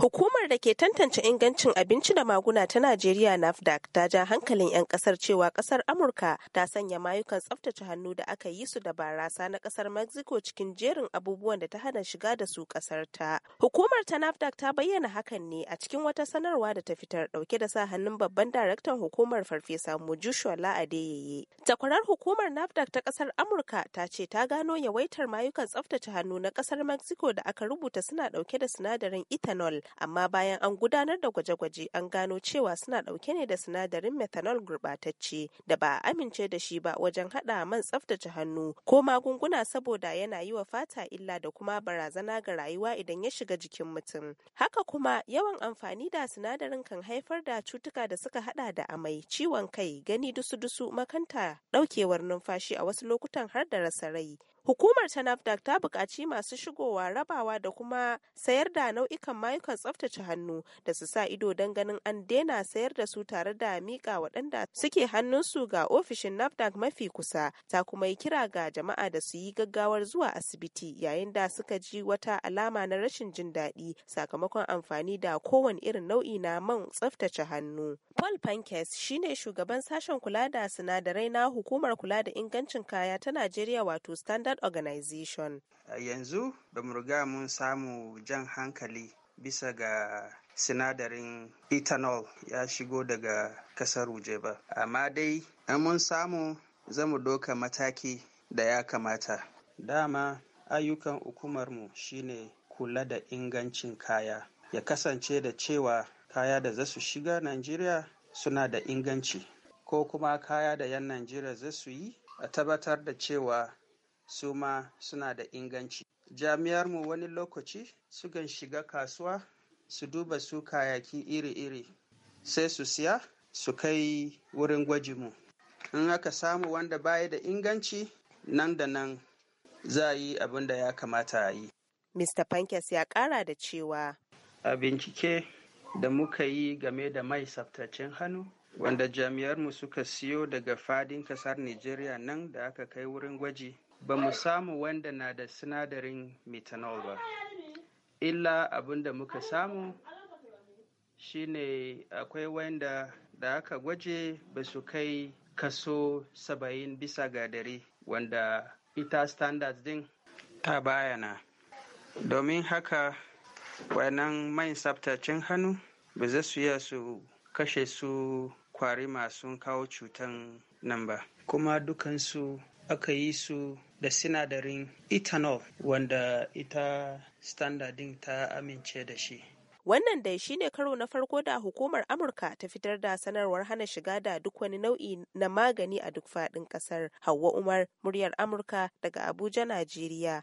Hukumar da ke tantance ingancin abinci da maguna ta Najeriya NAFDAC ta ja hankalin 'yan kasar cewa kasar Amurka ta sanya mayukan tsaftace hannu da aka yi su da barasa na kasar Mexico cikin jerin abubuwan da ta hana shiga da su kasar ta. Hukumar ta NAFDAC ta bayyana hakan ne a cikin wata sanarwa da ta fitar dauke da sa hannun babban daraktan hukumar Farfesa Mujusho La'adeyeye. Takwarar hukumar NAFDAC ta kasar Amurka ta ce ta gano yawaitar mayukan tsaftace hannu na kasar Mexico da aka rubuta suna dauke da sinadarin ethanol amma ba bayan an gudanar da gwaje-gwaje an gano cewa suna ɗauke ne da sinadarin methanol gurbatacce, da ba a amince da shi ba wajen haɗa man tsaftace hannu ko magunguna saboda yana yi wa fata illa da kuma barazana ga rayuwa idan ya shiga jikin mutum. Haka kuma yawan amfani da sinadarin kan haifar da cutuka da suka haɗa da amai, ciwon kai, gani dusu-dusu, makanta, ɗaukewar numfashi a wasu lokutan har da rasa rai. Hukumar ta NAFDAC ta buƙaci masu shigowa rabawa da kuma sayar da nau'ikan mayukan tsaftace hannu da su sa ido don ganin an daina sayar da su tare da miƙa waɗanda suke hannunsu ga ofishin NAFDAC mafi kusa ta kuma yi kira ga jama'a da su yi gaggawar zuwa asibiti yayin da suka ji wata alama na rashin jin daɗi sakamakon amfani da kowane irin nau'i na man tsaftace hannu. Paul Pankes shine shugaban sashen kula da sinadarai na hukumar kula da ingancin kaya ta Najeriya wato Standard Organization. Yanzu ba mu riga mun samu jan hankali bisa ga sinadarin ethanol ya shigo daga kasar waje ba. Amma dai, an mun samu zamu doka mataki da ya kamata. Dama ayyukan hukumarmu shine kula da ingancin kaya. Ya kasance da cewa kaya da za su shiga Najeriya suna da inganci, ko kuma kaya da 'yan Najeriya za su yi a tabbatar da cewa su ma suna da inganci jami'armu wani lokaci sukan shiga kasuwa su duba su kayaki iri-iri sai su siya su kai wurin gwajinmu in aka samu wanda baya da inganci nan da nan za a yi abin da ya kamata a yi mr pankes ya kara da cewa a bincike da muka yi game da mai tsaftace hannu wanda jami'armu suka siyo daga fadin kasar nigeria nan da aka kai wurin gwaji ba mu samu wanda na da sinadarin methanol ba illa abin da muka samu shine akwai wanda da aka gwaje ba su kai kaso 70 bisa ga dare wanda ita standards din ta bayana domin haka wannan mai tsabtacin hannu ba za su iya su kashe su kwari masu kawo cutan nan ba kuma dukansu aka yi su da sinadarin ethanol wanda ita standardin ta amince da shi Wannan dai ne karo na farko da hukumar Amurka ta fitar da sanarwar hana shiga da duk wani nau'i na magani a duk faɗin ƙasar. Hauwa Umar, muryar Amurka daga Abuja, Najeriya.